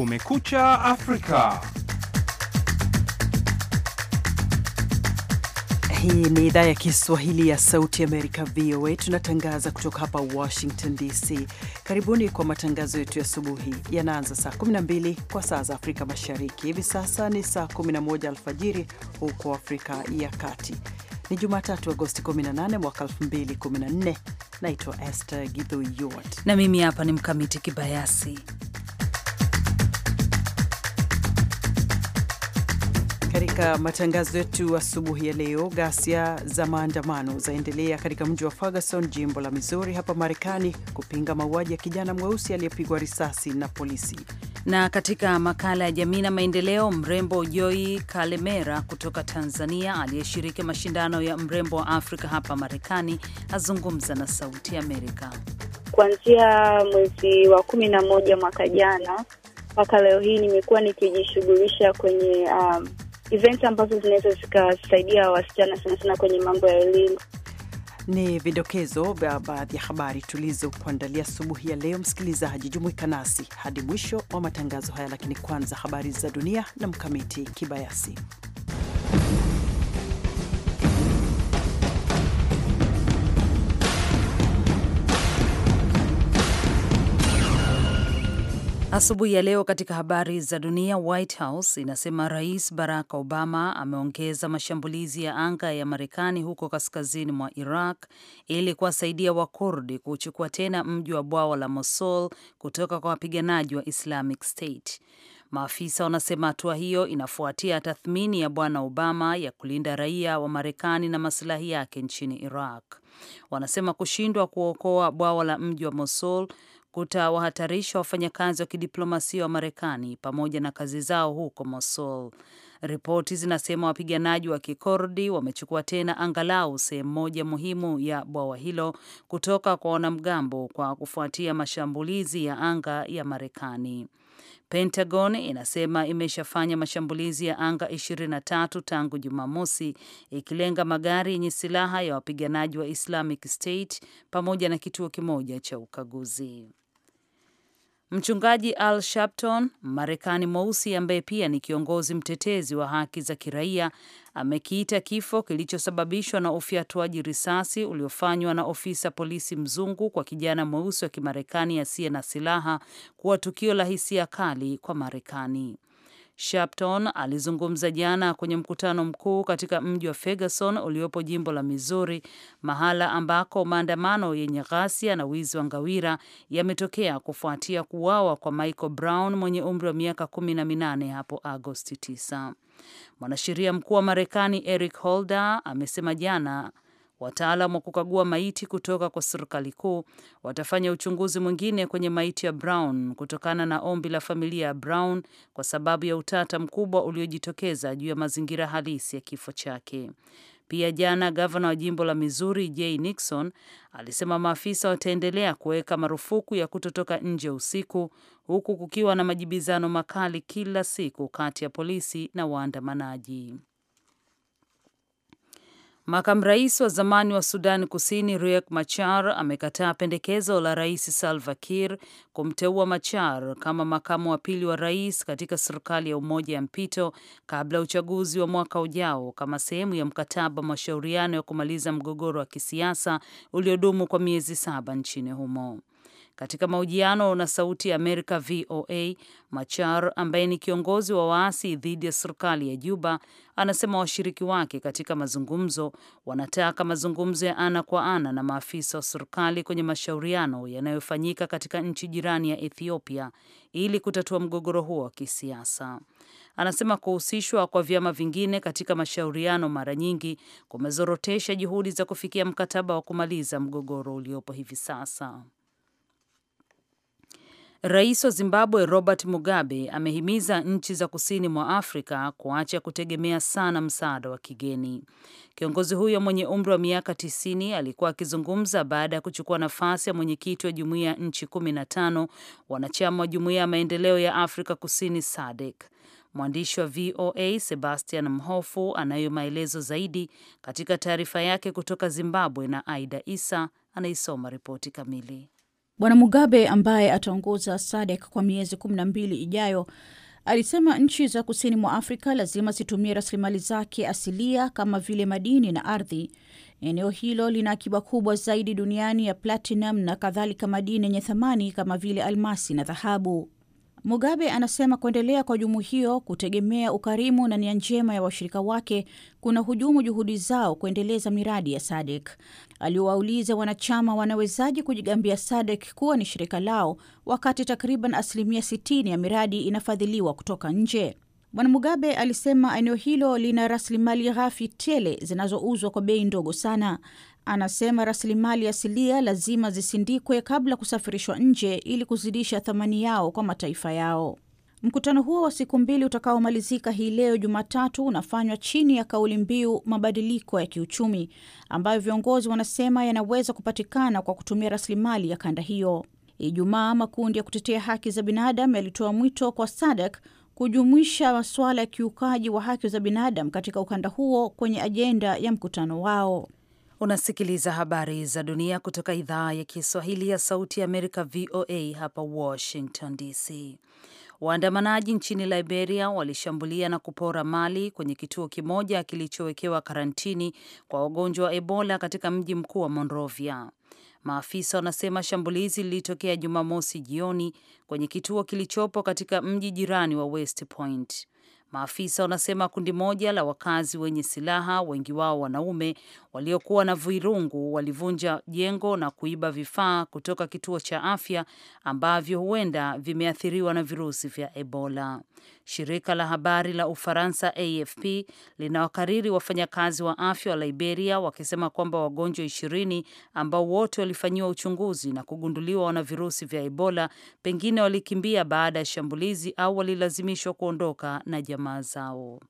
Kumekucha Afrika. Hii ni idhaa ya Kiswahili ya Sauti Amerika, VOA. Tunatangaza kutoka hapa Washington DC. Karibuni kwa matangazo yetu ya asubuhi, yanaanza saa 12 kwa saa za Afrika Mashariki. Hivi sasa ni saa 11 alfajiri huko Afrika ya Kati. Ni Jumatatu, Agosti 18 mwaka 2014. Naitwa Esther Githo na mimi hapa ni Mkamiti Kibayasi Katika matangazo yetu asubuhi ya leo, ghasia za maandamano zaendelea katika mji wa Ferguson, jimbo la Missouri hapa Marekani, kupinga mauaji ya kijana mweusi aliyepigwa risasi na polisi. Na katika makala ya jamii na maendeleo, mrembo joi Kalemera kutoka Tanzania aliyeshiriki mashindano ya mrembo wa Afrika hapa Marekani azungumza na Sauti Amerika. Kuanzia mwezi wa kumi na moja mwaka jana mpaka leo hii nimekuwa nikijishughulisha kwenye um, event ambazo zinaweza zikasaidia wasichana sana sana kwenye mambo ya elimu. Ni vidokezo vya baadhi ya habari tulizokuandalia asubuhi ya leo. Msikilizaji, jumuika nasi hadi mwisho wa matangazo haya, lakini kwanza habari za dunia na Mkamiti Kibayasi. Asubuhi ya leo katika habari za dunia, White House inasema Rais Barack Obama ameongeza mashambulizi ya anga ya Marekani huko kaskazini mwa Iraq ili kuwasaidia Wakurdi kuchukua tena mji wa bwawa la Mosul kutoka kwa wapiganaji wa Islamic State. Maafisa wanasema hatua hiyo inafuatia tathmini ya Bwana Obama ya kulinda raia wa Marekani na masilahi yake nchini Iraq. Wanasema kushindwa kuokoa bwawa la mji wa Mosul kutawahatarisha wafanyakazi wa kidiplomasia wa Marekani pamoja na kazi zao huko Mosul. Ripoti zinasema wapiganaji wa Kikordi wamechukua tena angalau sehemu moja muhimu ya bwawa hilo kutoka kwa wanamgambo kwa kufuatia mashambulizi ya anga ya Marekani. Pentagon inasema imeshafanya mashambulizi ya anga 23 tangu Jumamosi, ikilenga magari yenye silaha ya wapiganaji wa Islamic State pamoja na kituo kimoja cha ukaguzi. Mchungaji Al Sharpton, Marekani mweusi ambaye pia ni kiongozi mtetezi wa haki za kiraia, amekiita kifo kilichosababishwa na ufyatuaji risasi uliofanywa na ofisa polisi mzungu kwa kijana mweusi wa Kimarekani asiye na silaha kuwa tukio la hisia kali kwa Marekani. Shapton alizungumza jana kwenye mkutano mkuu katika mji wa Ferguson uliopo jimbo la Missouri, mahala ambako maandamano yenye ghasia na wizi wa ngawira yametokea kufuatia kuuawa kwa Michael Brown mwenye umri wa miaka kumi na minane hapo Agosti 9. Mwanasheria mkuu wa Marekani Eric Holder amesema jana Wataalam wa kukagua maiti kutoka kwa serikali kuu watafanya uchunguzi mwingine kwenye maiti ya Brown kutokana na ombi la familia ya Brown kwa sababu ya utata mkubwa uliojitokeza juu ya mazingira halisi ya kifo chake. Pia jana, gavana wa jimbo la Missouri Jay Nixon alisema maafisa wataendelea kuweka marufuku ya kutotoka nje usiku, huku kukiwa na majibizano makali kila siku kati ya polisi na waandamanaji. Makamu rais wa zamani wa sudani Kusini Riek Machar amekataa pendekezo la Rais Salva Kiir kumteua Machar kama makamu wa pili wa rais katika serikali ya umoja ya mpito kabla ya uchaguzi wa mwaka ujao kama sehemu ya mkataba mashauriano ya kumaliza mgogoro wa kisiasa uliodumu kwa miezi saba nchini humo. Katika mahojiano na Sauti ya Amerika VOA, Machar ambaye ni kiongozi wa waasi dhidi ya serikali ya Juba anasema washiriki wake katika mazungumzo wanataka mazungumzo ya ana kwa ana na maafisa wa serikali kwenye mashauriano yanayofanyika katika nchi jirani ya Ethiopia ili kutatua mgogoro huo wa kisiasa. Anasema kuhusishwa kwa vyama vingine katika mashauriano mara nyingi kumezorotesha juhudi za kufikia mkataba wa kumaliza mgogoro uliopo hivi sasa. Rais wa Zimbabwe Robert Mugabe amehimiza nchi za kusini mwa Afrika kuacha kutegemea sana msaada wa kigeni. Kiongozi huyo mwenye umri wa miaka 90 alikuwa akizungumza baada ya kuchukua nafasi ya mwenyekiti wa jumuiya ya nchi 15 wanachama wa jumuiya ya maendeleo ya Afrika Kusini SADC. Mwandishi wa VOA Sebastian Mhofu anayo maelezo zaidi katika taarifa yake kutoka Zimbabwe, na Aida Isa anaisoma ripoti kamili. Bwana Mugabe ambaye ataongoza SADC kwa miezi kumi na mbili ijayo alisema nchi za kusini mwa Afrika lazima zitumie rasilimali zake asilia kama vile madini na ardhi. Eneo hilo lina akiba kubwa zaidi duniani ya platinum na kadhalika madini yenye thamani kama vile almasi na dhahabu. Mugabe anasema kuendelea kwa hujumu hiyo kutegemea ukarimu na nia njema ya washirika wake kuna hujumu juhudi zao kuendeleza miradi ya SADC. Aliwauliza wanachama wanawezaji kujigambia SADC kuwa ni shirika lao wakati takriban asilimia 60 ya miradi inafadhiliwa kutoka nje. Bwana Mugabe alisema eneo hilo lina rasilimali ghafi tele zinazouzwa kwa bei ndogo sana. Anasema rasilimali asilia lazima zisindikwe kabla kusafirishwa nje ili kuzidisha thamani yao kwa mataifa yao. Mkutano huo wa siku mbili utakaomalizika hii leo Jumatatu unafanywa chini ya kauli mbiu mabadiliko ya kiuchumi, ambayo viongozi wanasema yanaweza kupatikana kwa kutumia rasilimali ya kanda hiyo. Ijumaa, makundi ya kutetea haki za binadamu yalitoa mwito kwa SADC kujumuisha masuala ya kiukaji wa haki za binadamu katika ukanda huo kwenye ajenda ya mkutano wao. Unasikiliza habari za dunia kutoka idhaa ya Kiswahili ya Sauti ya Amerika, VOA hapa Washington DC. Waandamanaji nchini Liberia walishambulia na kupora mali kwenye kituo kimoja kilichowekewa karantini kwa wagonjwa wa Ebola katika mji mkuu wa Monrovia. Maafisa wanasema shambulizi lilitokea Jumamosi jioni kwenye kituo kilichopo katika mji jirani wa West Point. Maafisa wanasema kundi moja la wakazi wenye silaha, wengi wao wanaume, waliokuwa na virungu walivunja jengo na kuiba vifaa kutoka kituo cha afya ambavyo huenda vimeathiriwa na virusi vya Ebola. Shirika la habari la Ufaransa AFP linawakariri wafanyakazi wa afya wa Liberia wakisema kwamba wagonjwa ishirini ambao wote walifanyiwa uchunguzi na kugunduliwa wana virusi vya Ebola pengine walikimbia baada ya shambulizi au walilazimishwa kuondoka na jamaa zao.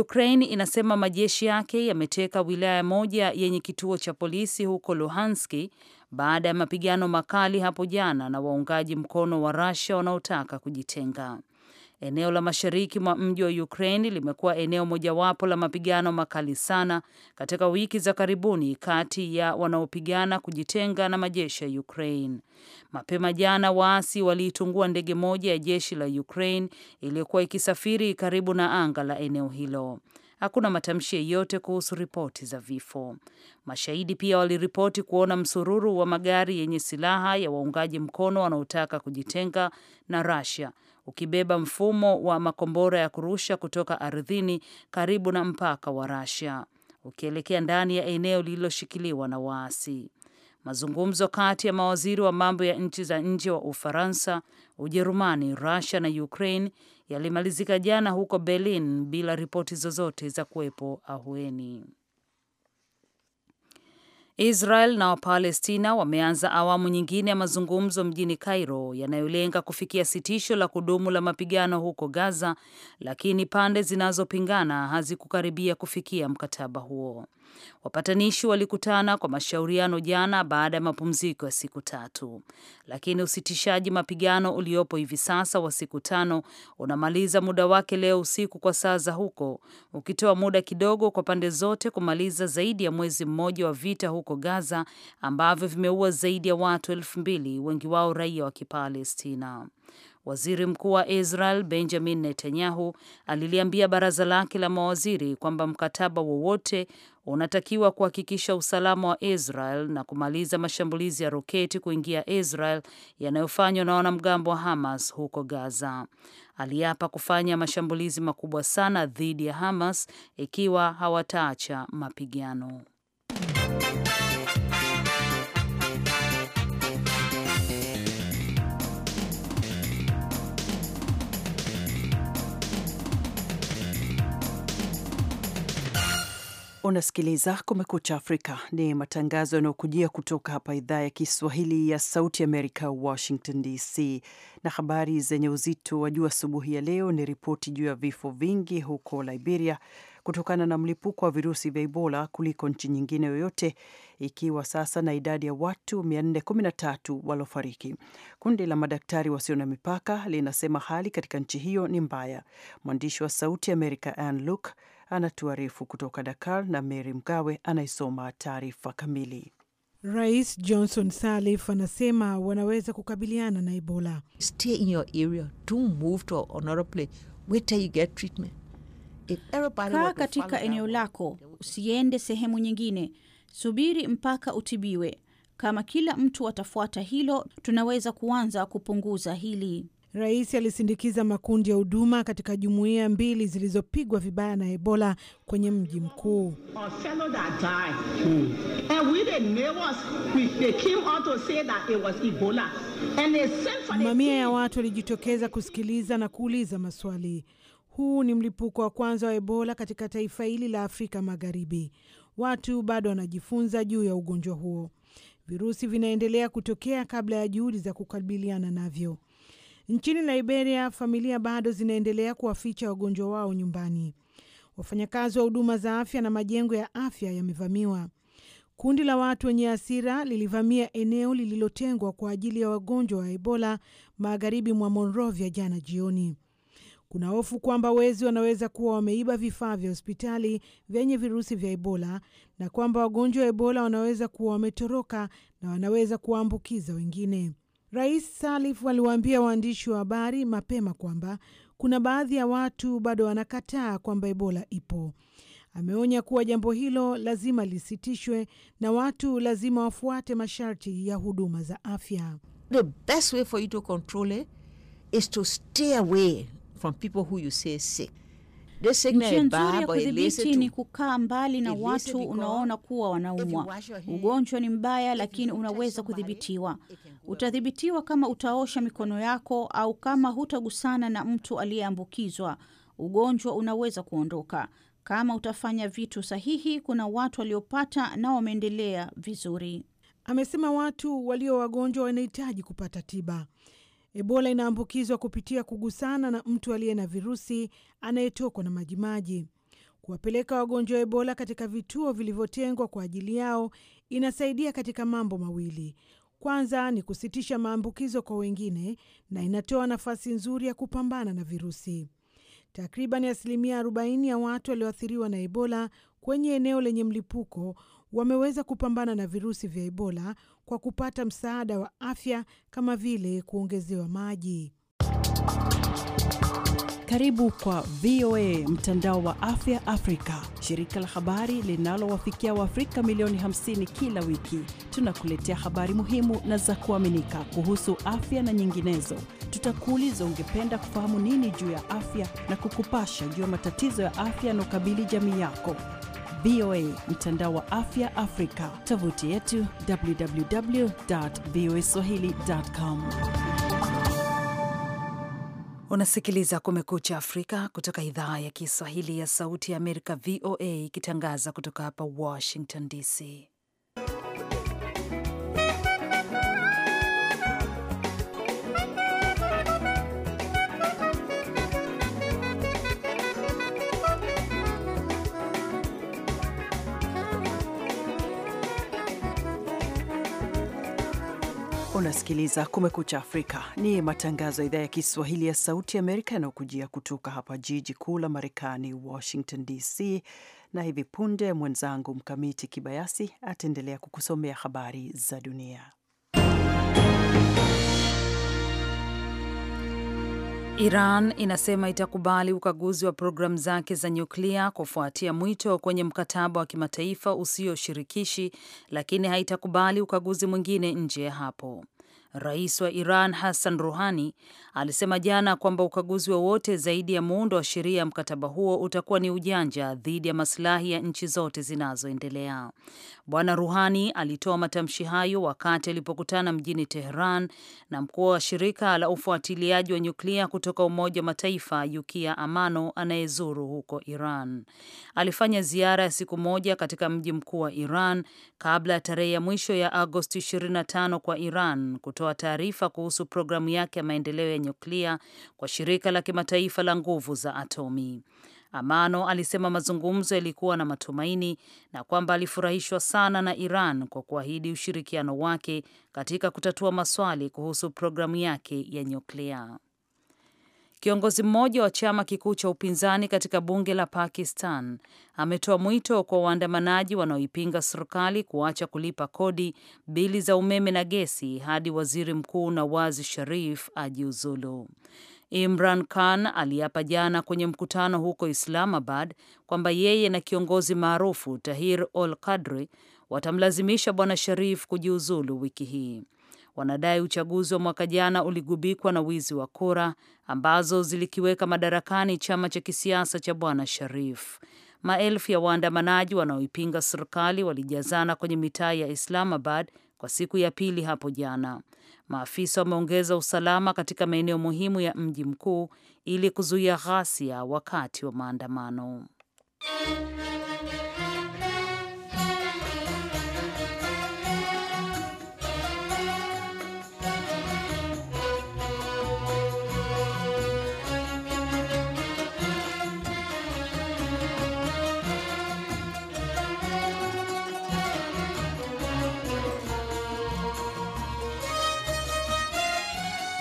Ukraine inasema majeshi yake yameteka wilaya moja yenye kituo cha polisi huko Luhanski baada ya mapigano makali hapo jana na waungaji mkono wa Russia wanaotaka kujitenga. Eneo la mashariki mwa mji wa Ukraine limekuwa eneo mojawapo la mapigano makali sana katika wiki za karibuni kati ya wanaopigana kujitenga na majeshi ya Ukraine. Mapema jana, waasi waliitungua ndege moja ya jeshi la Ukraine iliyokuwa ikisafiri karibu na anga la eneo hilo. Hakuna matamshi yeyote kuhusu ripoti za vifo. Mashahidi pia waliripoti kuona msururu wa magari yenye silaha ya waungaji mkono wanaotaka kujitenga na Russia ukibeba mfumo wa makombora ya kurusha kutoka ardhini karibu na mpaka wa Russia ukielekea ndani ya eneo lililoshikiliwa na waasi. Mazungumzo kati ya mawaziri wa mambo ya nchi za nje wa Ufaransa, Ujerumani, Russia na Ukraine yalimalizika jana huko Berlin bila ripoti zozote za kuwepo ahueni. Israel na Wapalestina wameanza awamu nyingine ya mazungumzo mjini Cairo yanayolenga kufikia sitisho la kudumu la mapigano huko Gaza, lakini pande zinazopingana hazikukaribia kufikia mkataba huo. Wapatanishi walikutana kwa mashauriano jana baada ya mapumziko ya siku tatu, lakini usitishaji mapigano uliopo hivi sasa wa siku tano unamaliza muda wake leo usiku kwa saa za huko, ukitoa muda kidogo kwa pande zote kumaliza zaidi ya mwezi mmoja wa vita huko Gaza ambavyo vimeua zaidi ya watu elfu mbili, wengi wao raia wa Kipalestina. Waziri Mkuu wa Israel Benjamin Netanyahu aliliambia baraza lake la mawaziri kwamba mkataba wowote unatakiwa kuhakikisha usalama wa Israel na kumaliza mashambulizi ya roketi kuingia Israel yanayofanywa na wanamgambo wa Hamas huko Gaza. Aliapa kufanya mashambulizi makubwa sana dhidi ya Hamas ikiwa hawataacha mapigano. unasikiliza Kumekucha Afrika. Ni matangazo yanayokujia kutoka hapa idhaa ya Kiswahili ya Sauti Amerika, Washington DC. Na habari zenye uzito wa juu asubuhi ya leo ni ripoti juu ya vifo vingi huko Liberia kutokana na mlipuko wa virusi vya Ebola kuliko nchi nyingine yoyote, ikiwa sasa na idadi ya watu 413 waliofariki. Kundi la madaktari wasio na mipaka linasema hali katika nchi hiyo ni mbaya. Mwandishi wa Sauti Amerika Ann Luke anatuarifu kutoka Dakar na Mary Mgawe anaisoma taarifa kamili. Rais Johnson Sirleaf anasema wanaweza kukabiliana na Ebola. Stay in your area, don't move to another place. Wait till you get treatment. Kaa katika eneo lako, usiende sehemu nyingine, subiri mpaka utibiwe. Kama kila mtu atafuata hilo, tunaweza kuanza kupunguza hili. Rais alisindikiza makundi ya huduma katika jumuiya mbili zilizopigwa vibaya na Ebola kwenye mji mkuu. Hmm. Mamia ya watu walijitokeza kusikiliza na kuuliza maswali. Huu ni mlipuko wa kwanza wa Ebola katika taifa hili la Afrika Magharibi. Watu bado wanajifunza juu ya ugonjwa huo. Virusi vinaendelea kutokea kabla ya juhudi za kukabiliana navyo. Nchini Liberia, familia bado zinaendelea kuwaficha wagonjwa wao nyumbani. Wafanyakazi wa huduma za afya na majengo ya afya yamevamiwa. Kundi la watu wenye hasira lilivamia eneo lililotengwa kwa ajili ya wagonjwa wa Ebola magharibi mwa Monrovia jana jioni. Kuna hofu kwamba wezi wanaweza kuwa wameiba vifaa vya hospitali vyenye virusi vya Ebola na kwamba wagonjwa wa Ebola wanaweza kuwa wametoroka na wanaweza kuwaambukiza wengine. Rais Salif aliwaambia waandishi wa habari mapema kwamba kuna baadhi ya watu bado wanakataa kwamba Ebola ipo. Ameonya kuwa jambo hilo lazima lisitishwe na watu lazima wafuate masharti ya huduma za afya. The best way for you to control it is to stay away from people who you say sick. Njia nzuri ya kudhibiti ni kukaa mbali na watu unaona kuwa wanaumwa. Ugonjwa ni mbaya, lakini unaweza kudhibitiwa. Utadhibitiwa kama utaosha mikono yako au kama hutagusana na mtu aliyeambukizwa. Ugonjwa unaweza kuondoka kama utafanya vitu sahihi. Kuna watu waliopata na wameendelea vizuri, amesema. Watu walio wagonjwa wanahitaji kupata tiba. Ebola inaambukizwa kupitia kugusana na mtu aliye na virusi anayetokwa na majimaji. Kuwapeleka wagonjwa wa Ebola katika vituo vilivyotengwa kwa ajili yao inasaidia katika mambo mawili. Kwanza ni kusitisha maambukizo kwa wengine na inatoa nafasi nzuri ya kupambana na virusi. Takriban asilimia 40 ya watu walioathiriwa na Ebola kwenye eneo lenye mlipuko wameweza kupambana na virusi vya Ebola kwa kupata msaada wa afya kama vile kuongezewa maji. Karibu kwa VOA mtandao wa afya Afrika, shirika la habari linalowafikia Waafrika milioni 50 kila wiki. Tunakuletea habari muhimu na za kuaminika kuhusu afya na nyinginezo. Tutakuuliza ungependa kufahamu nini juu ya afya na kukupasha juu ya matatizo ya afya yanaokabili jamii yako. VOA, mtandao wa afya Afrika, tovuti yetu www voa swahilicom. Unasikiliza Kumekucha Afrika kutoka idhaa ya Kiswahili ya Sauti ya Amerika, VOA, ikitangaza kutoka hapa Washington DC. unasikiliza Kumekucha Afrika, ni matangazo ya idhaa ya Kiswahili ya Sauti Amerika yanayokujia kutoka hapa jiji kuu la Marekani, Washington DC. Na hivi punde mwenzangu Mkamiti Kibayasi ataendelea kukusomea habari za dunia. Iran inasema itakubali ukaguzi wa programu zake za nyuklia kufuatia mwito kwenye mkataba wa kimataifa usioshirikishi, lakini haitakubali ukaguzi mwingine nje ya hapo. Rais wa Iran Hassan Rouhani alisema jana kwamba ukaguzi wowote zaidi ya muundo wa sheria ya mkataba huo utakuwa ni ujanja dhidi ya masilahi ya nchi zote zinazoendelea. Bwana Ruhani alitoa matamshi hayo wakati alipokutana mjini Tehran na mkuu wa shirika la ufuatiliaji wa nyuklia kutoka Umoja wa Mataifa Yukia Amano anayezuru huko Iran. Alifanya ziara ya siku moja katika mji mkuu wa Iran kabla ya tarehe ya mwisho ya Agosti 25 kwa Iran kutoa taarifa kuhusu programu yake ya maendeleo ya nyuklia kwa shirika la kimataifa la nguvu za atomi. Amano alisema mazungumzo yalikuwa na matumaini na kwamba alifurahishwa sana na Iran kwa kuahidi ushirikiano wake katika kutatua maswali kuhusu programu yake ya nyuklia. Kiongozi mmoja wa chama kikuu cha upinzani katika bunge la Pakistan ametoa mwito kwa waandamanaji wanaoipinga serikali kuacha kulipa kodi, bili za umeme na gesi hadi waziri mkuu Nawaz Sharif ajiuzulu. Imran Khan aliapa jana kwenye mkutano huko Islamabad kwamba yeye na kiongozi maarufu Tahir ol Qadri watamlazimisha Bwana Sharif kujiuzulu wiki hii. Wanadai uchaguzi wa mwaka jana uligubikwa na wizi wa kura ambazo zilikiweka madarakani chama cha kisiasa cha Bwana Sharif. Maelfu ya waandamanaji wanaoipinga serikali walijazana kwenye mitaa ya Islamabad kwa siku ya pili hapo jana. Maafisa wameongeza usalama katika maeneo muhimu ya mji mkuu ili kuzuia ghasia wakati wa maandamano.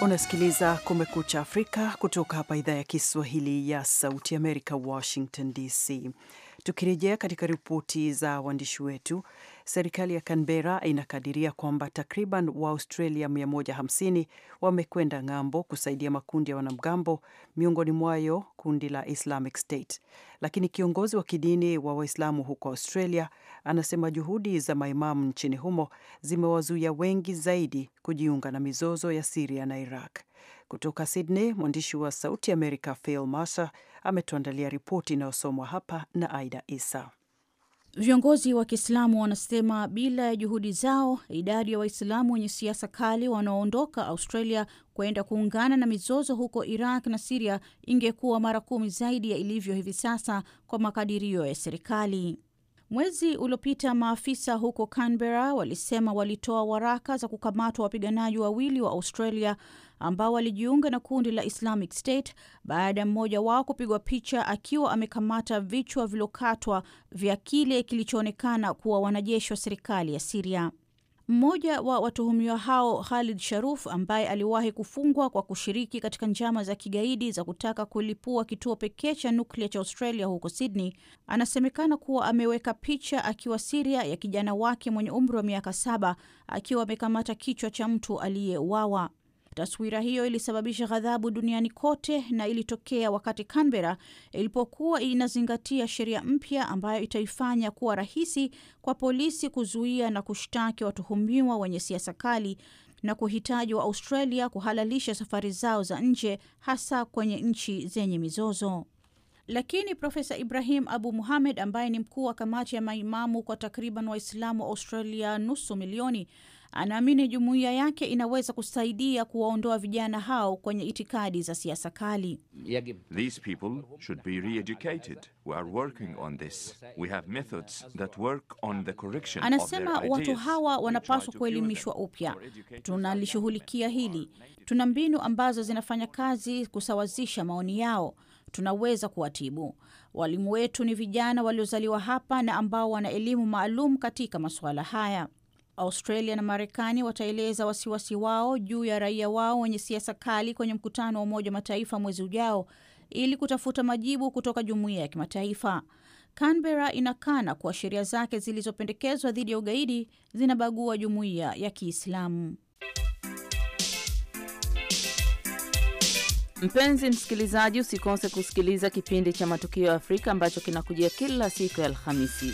Unasikiliza Kumekucha Afrika kutoka hapa idhaa ya Kiswahili ya Sauti Amerika, Washington DC. Tukirejea katika ripoti za waandishi wetu, Serikali ya Canberra inakadiria kwamba takriban Waaustralia 150 wamekwenda ng'ambo kusaidia makundi ya wanamgambo, miongoni mwayo kundi la Islamic State. Lakini kiongozi wa kidini wa Waislamu huko Australia anasema juhudi za maimamu nchini humo zimewazuia wengi zaidi kujiunga na mizozo ya Siria na Iraq. Kutoka Sydney, mwandishi wa Sauti Amerika Phil masa ametuandalia ripoti inayosomwa hapa na Aida Isa. Viongozi wa Kiislamu wanasema bila ya juhudi zao, idadi ya Waislamu wenye siasa kali wanaoondoka Australia kwenda kuungana na mizozo huko Iraq na Siria ingekuwa mara kumi zaidi ya ilivyo hivi sasa kwa makadirio ya serikali. Mwezi uliopita maafisa huko Canberra walisema walitoa waraka za kukamatwa wapiganaji wawili wa Australia ambao walijiunga na kundi la Islamic State baada ya mmoja wao kupigwa picha akiwa amekamata vichwa vilokatwa vya kile kilichoonekana kuwa wanajeshi wa serikali ya Siria. Mmoja wa watuhumiwa hao Khalid Sharuf, ambaye aliwahi kufungwa kwa kushiriki katika njama za kigaidi za kutaka kulipua kituo pekee cha nuklia cha Australia huko Sydney, anasemekana kuwa ameweka picha akiwa Siria ya kijana wake mwenye umri wa miaka saba akiwa amekamata kichwa cha mtu aliyeuawa. Taswira hiyo ilisababisha ghadhabu duniani kote na ilitokea wakati Canberra ilipokuwa inazingatia sheria mpya ambayo itaifanya kuwa rahisi kwa polisi kuzuia na kushtaki watuhumiwa wenye siasa kali na kuhitaji wa Australia kuhalalisha safari zao za nje hasa kwenye nchi zenye mizozo. Lakini Profesa Ibrahim Abu Muhamed ambaye ni mkuu wa kamati ya maimamu kwa takriban Waislamu wa Australia nusu milioni anaamini jumuiya yake inaweza kusaidia kuwaondoa vijana hao kwenye itikadi za siasa kali. Anasema watu hawa wanapaswa kuelimishwa upya. Tunalishughulikia hili, tuna mbinu ambazo zinafanya kazi kusawazisha maoni yao tunaweza kuwatibu. Walimu wetu ni vijana waliozaliwa hapa na ambao wana elimu maalum katika masuala haya. Australia na Marekani wataeleza wasiwasi wao juu ya raia wao wenye siasa kali kwenye mkutano wa Umoja wa Mataifa mwezi ujao ili kutafuta majibu kutoka jumuiya ya kimataifa. Canberra inakana kuwa sheria zake zilizopendekezwa dhidi ya ugaidi zinabagua jumuiya ya Kiislamu. Mpenzi msikilizaji, usikose kusikiliza kipindi cha Matukio ya Afrika ambacho kinakujia kila siku ya Alhamisi.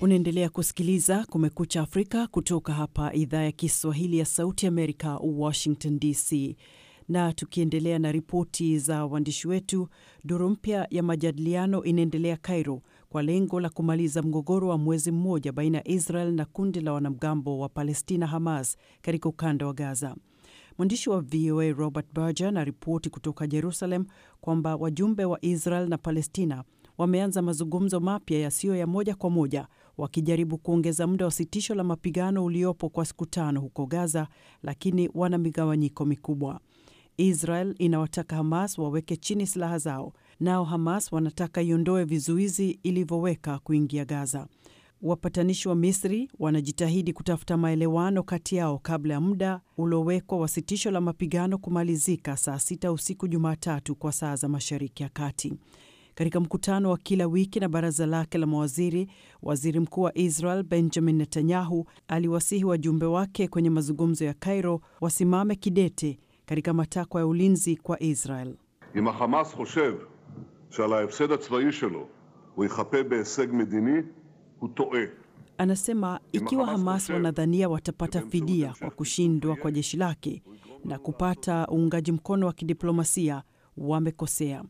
Unaendelea kusikiliza Kumekucha Afrika kutoka hapa idhaa ya Kiswahili ya Sauti Amerika, Washington DC. Na tukiendelea na ripoti za waandishi wetu, duru mpya ya majadiliano inaendelea Cairo kwa lengo la kumaliza mgogoro wa mwezi mmoja baina ya Israel na kundi la wanamgambo wa Palestina, Hamas, katika ukanda wa Gaza. Mwandishi wa VOA Robert Berger anaripoti kutoka Jerusalem kwamba wajumbe wa Israel na Palestina wameanza mazungumzo mapya yasiyo ya moja kwa moja wakijaribu kuongeza muda wa sitisho la mapigano uliopo kwa siku tano huko Gaza, lakini wana migawanyiko mikubwa. Israel inawataka Hamas waweke chini silaha zao, nao Hamas wanataka iondoe vizuizi ilivyoweka kuingia Gaza. Wapatanishi wa Misri wanajitahidi kutafuta maelewano kati yao kabla ya muda uliowekwa wa sitisho la mapigano kumalizika saa sita usiku Jumatatu kwa saa za Mashariki ya Kati. Katika mkutano wa kila wiki na baraza lake la mawaziri, waziri mkuu wa Israel Benjamin Netanyahu aliwasihi wajumbe wake kwenye mazungumzo ya Kairo wasimame kidete katika matakwa ya ulinzi kwa Israel. Im Hamas khoshev sheal hafsed hatzvai shelo hu beheseg medini hu toe Anasema ikiwa Hamas wanadhania watapata fidia kwa kushindwa kwa jeshi lake na kupata uungaji mkono wa kidiplomasia, wamekosea.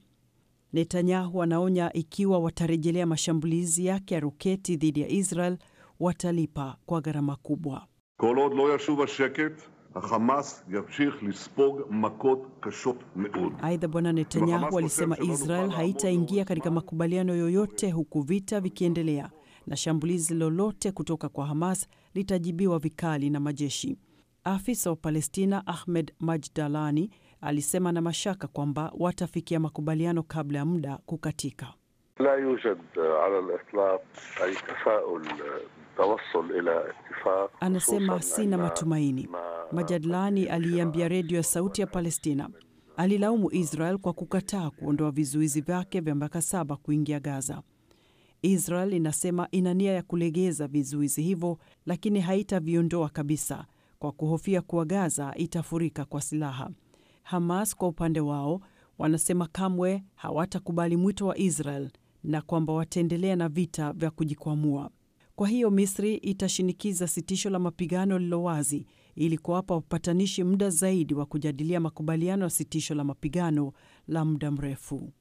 Netanyahu anaonya ikiwa watarejelea mashambulizi yake ya roketi dhidi ya Israel watalipa kwa gharama kubwa. kol od lo yashuv hamas yamshikh lispog makot kashot meud. Aidha, Bwana Netanyahu alisema Israel haitaingia katika makubaliano yoyote huku vita vikiendelea, na shambulizi lolote kutoka kwa Hamas litajibiwa vikali na majeshi. Afisa wa Palestina Ahmed Majdalani alisema na mashaka kwamba watafikia makubaliano kabla ya muda kukatika. la yujad eh, ala ay tafaul eh, ila ittifaq. Anasema sina matumaini. Majadlani aliiambia redio ya sauti ya Palestina. Alilaumu Israel kwa kukataa kuondoa vizuizi vyake vya miaka saba kuingia Gaza. Israel inasema ina nia ya kulegeza vizuizi hivyo, lakini haitaviondoa kabisa kwa kuhofia kuwa Gaza itafurika kwa silaha. Hamas kwa upande wao wanasema kamwe hawatakubali mwito wa Israel na kwamba wataendelea na vita vya kujikwamua. Kwa hiyo Misri itashinikiza sitisho la mapigano lililo wazi ili kuwapa wapatanishi muda zaidi wa kujadilia makubaliano ya sitisho la mapigano la muda mrefu.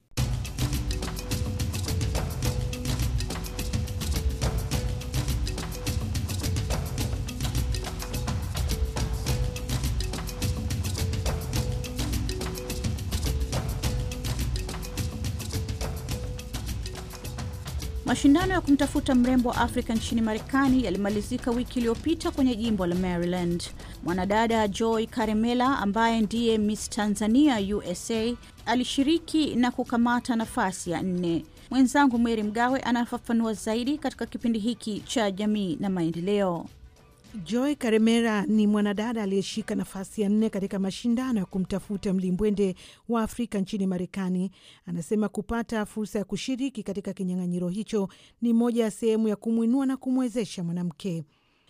Mashindano ya kumtafuta mrembo wa Afrika nchini Marekani yalimalizika wiki iliyopita kwenye jimbo la Maryland. Mwanadada Joy Karemela ambaye ndiye Miss Tanzania USA alishiriki na kukamata nafasi ya nne. Mwenzangu Mary Mgawe anafafanua zaidi katika kipindi hiki cha jamii na maendeleo. Joy Karemera ni mwanadada aliyeshika nafasi ya nne katika mashindano ya kumtafuta mlimbwende wa Afrika nchini Marekani. Anasema kupata fursa ya kushiriki katika kinyang'anyiro hicho ni moja ya sehemu ya kumwinua na kumwezesha mwanamke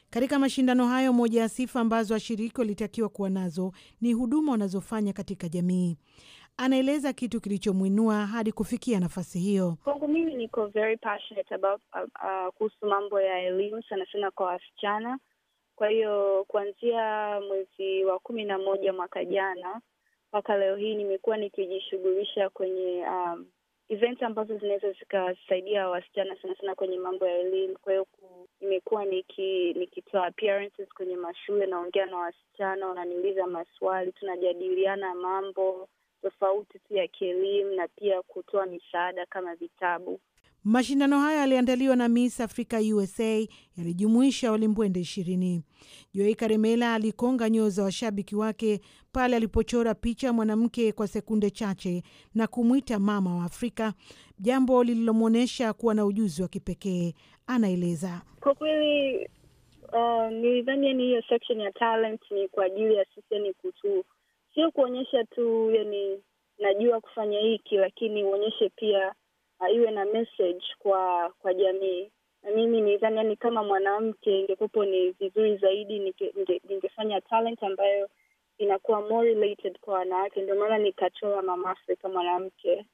katika mashindano hayo. Moja ya sifa ambazo washiriki walitakiwa kuwa nazo ni huduma wanazofanya katika jamii. Anaeleza kitu kilichomwinua hadi kufikia nafasi hiyo. Kwangu mimi niko very passionate about uh, uh, kuhusu mambo ya elimu, sana sana kwa wasichana kwa hiyo kuanzia mwezi wa kumi na moja mwaka jana mpaka leo hii nimekuwa nikijishughulisha kwenye um, event ambazo zinaweza zikasaidia wasichana sana sana kwenye mambo ya elimu. Kwa hiyo nimekuwa niki, nikitoa appearances kwenye mashule, naongea na wasichana, wananiuliza maswali, tunajadiliana mambo tofauti tu ya kielimu na pia kutoa misaada kama vitabu. Mashindano haya yaliandaliwa na Miss Africa USA, yalijumuisha walimbwende ishirini. Joi Karemela alikonga nyoyo za washabiki wake pale alipochora picha mwanamke kwa sekunde chache na kumwita mama wa Afrika, jambo lililomwonyesha kuwa na ujuzi wa kipekee. Anaeleza kwa kweli, uh, nilidhani yani hiyo section ya talent ni kwa ajili ya sisi, yani kutu sio kuonyesha tu yani najua kufanya hiki, lakini uonyeshe pia Uh, iwe na message kwa kwa jamii. Na mimi nidhani yani, kama mwanamke ingekupo ni vizuri zaidi, ninge, ningefanya talent ambayo inakuwa more related kwa wanawake. Ndio maana nikachora Mama Afrika mwanamke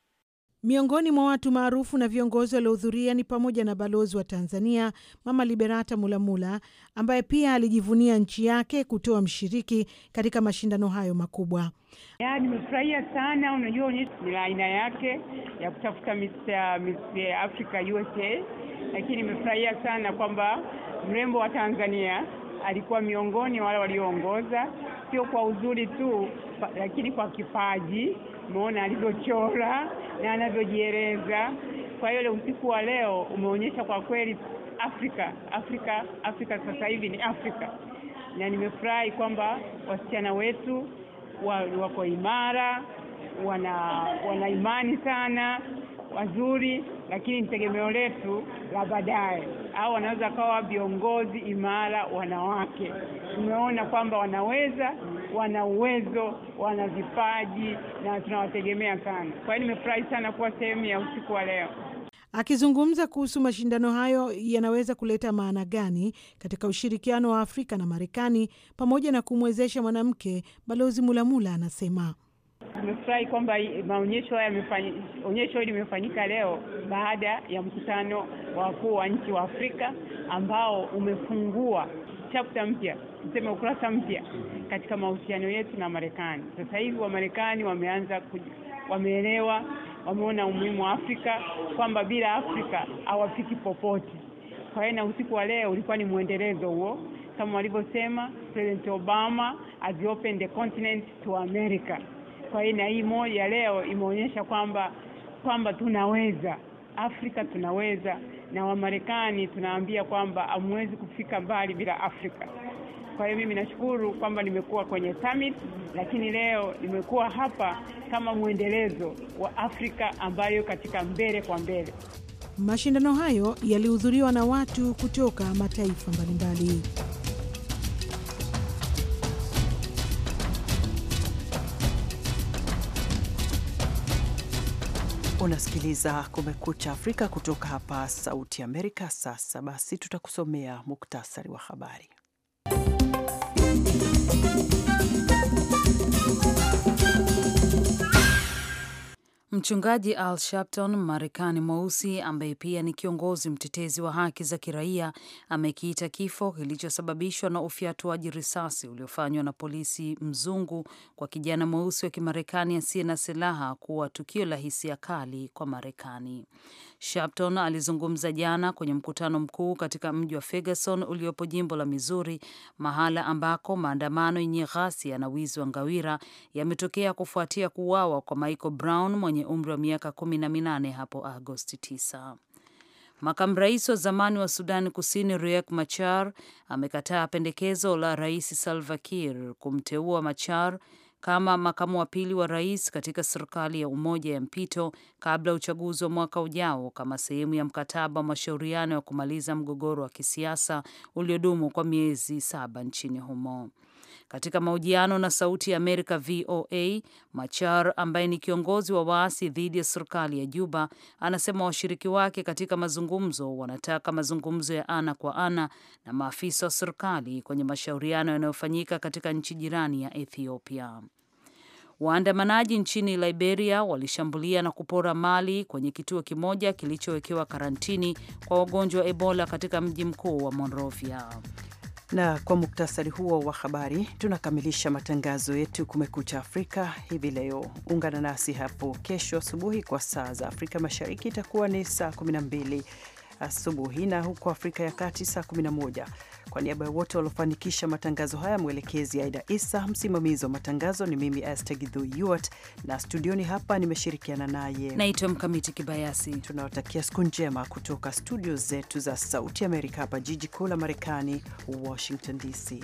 Miongoni mwa watu maarufu na viongozi waliohudhuria ni pamoja na balozi wa Tanzania Mama Liberata Mulamula ambaye pia alijivunia nchi yake kutoa mshiriki katika mashindano hayo makubwa. Nimefurahia sana, unajua ni aina yake ya kutafuta Miss uh, uh, Africa USA, lakini nimefurahia sana kwamba mrembo wa Tanzania alikuwa miongoni wale walioongoza sio kwa uzuri tu, lakini kwa kipaji. Umeona alivyochora na anavyojieleza. Kwa hiyo usiku wa leo umeonyesha kwa kweli Afrika, Afrika, Afrika sasa hivi ni Afrika, na nimefurahi kwamba wasichana wetu wako imara, wana wana imani sana, wazuri, lakini ni tegemeo letu la baadaye au wanaweza kawa viongozi imara wanawake. Tumeona kwamba wanaweza, wana uwezo, wana vipaji na tunawategemea sana. Kwa hiyo nimefurahi sana kuwa sehemu ya usiku wa leo. Akizungumza kuhusu mashindano hayo yanaweza kuleta maana gani katika ushirikiano wa Afrika na Marekani pamoja na kumwezesha mwanamke, Balozi Mulamula anasema Nimefurahi kwamba maonyesho haya onyesho hili limefanyika leo baada ya mkutano wa wakuu wa nchi wa Afrika ambao umefungua chapta mpya, tuseme ukurasa mpya katika mahusiano yetu na Marekani. Sasa hivi Wamarekani wameanza wameelewa, wameona umuhimu wa Afrika, kwamba bila Afrika hawafiki popote. Kwa hiyo na usiku wa leo ulikuwa ni mwendelezo huo, kama walivyosema President Obama has opened the continent to America kwa aina hii moja leo imeonyesha kwamba kwamba tunaweza Afrika tunaweza, na Wamarekani tunaambia kwamba hamwezi kufika mbali bila Afrika. Kwa hiyo mimi nashukuru kwamba nimekuwa kwenye summit, lakini leo nimekuwa hapa kama mwendelezo wa Afrika ambayo katika mbele kwa mbele. Mashindano hayo yalihudhuriwa na watu kutoka mataifa mbalimbali. Unasikiliza Kumekucha Afrika kutoka hapa Sauti Amerika. Sasa basi, tutakusomea muktasari wa habari. Mchungaji Al Sharpton, Marekani mweusi ambaye pia ni kiongozi mtetezi wa haki za kiraia, amekiita kifo kilichosababishwa na ufyatuaji risasi uliofanywa na polisi mzungu kwa kijana mweusi wa Kimarekani asiye na silaha kuwa tukio la hisia kali kwa Marekani. Sharpton alizungumza jana kwenye mkutano mkuu katika mji wa Ferguson uliopo jimbo la Missouri, mahala ambako maandamano yenye ghasia na wizi wa ngawira yametokea kufuatia kuuawa kwa Michael Brown mwenye mwenye umri wa miaka kumi na minane hapo Agosti 9. Makamu rais wa zamani wa Sudan Kusini Riek Machar amekataa pendekezo la Rais Salva Kiir kumteua Machar kama makamu wa pili wa rais katika serikali ya umoja ya mpito kabla ya uchaguzi wa mwaka ujao kama sehemu ya mkataba wa mashauriano ya kumaliza mgogoro wa kisiasa uliodumu kwa miezi saba nchini humo. Katika mahojiano na Sauti ya Amerika VOA, Machar ambaye ni kiongozi wa waasi dhidi ya serikali ya Juba anasema washiriki wake katika mazungumzo wanataka mazungumzo ya ana kwa ana na maafisa wa serikali kwenye mashauriano yanayofanyika katika nchi jirani ya Ethiopia. Waandamanaji nchini Liberia walishambulia na kupora mali kwenye kituo kimoja kilichowekewa karantini kwa wagonjwa wa Ebola katika mji mkuu wa Monrovia. Na kwa muktasari huo wa habari tunakamilisha matangazo yetu Kumekucha Afrika hivi leo. Ungana nasi hapo kesho asubuhi kwa saa za Afrika Mashariki, itakuwa ni saa 12 asubuhi, na huko Afrika ya Kati saa 11. Kwa niaba ya wote waliofanikisha matangazo haya, mwelekezi Aida Isa, msimamizi wa matangazo ni mimi Astegidhu Yuat, na studioni hapa nimeshirikiana naye naitwa Mkamiti Kibayasi. Tunawatakia siku njema kutoka studio zetu za Sauti Amerika hapa jiji kuu la Marekani, Washington DC.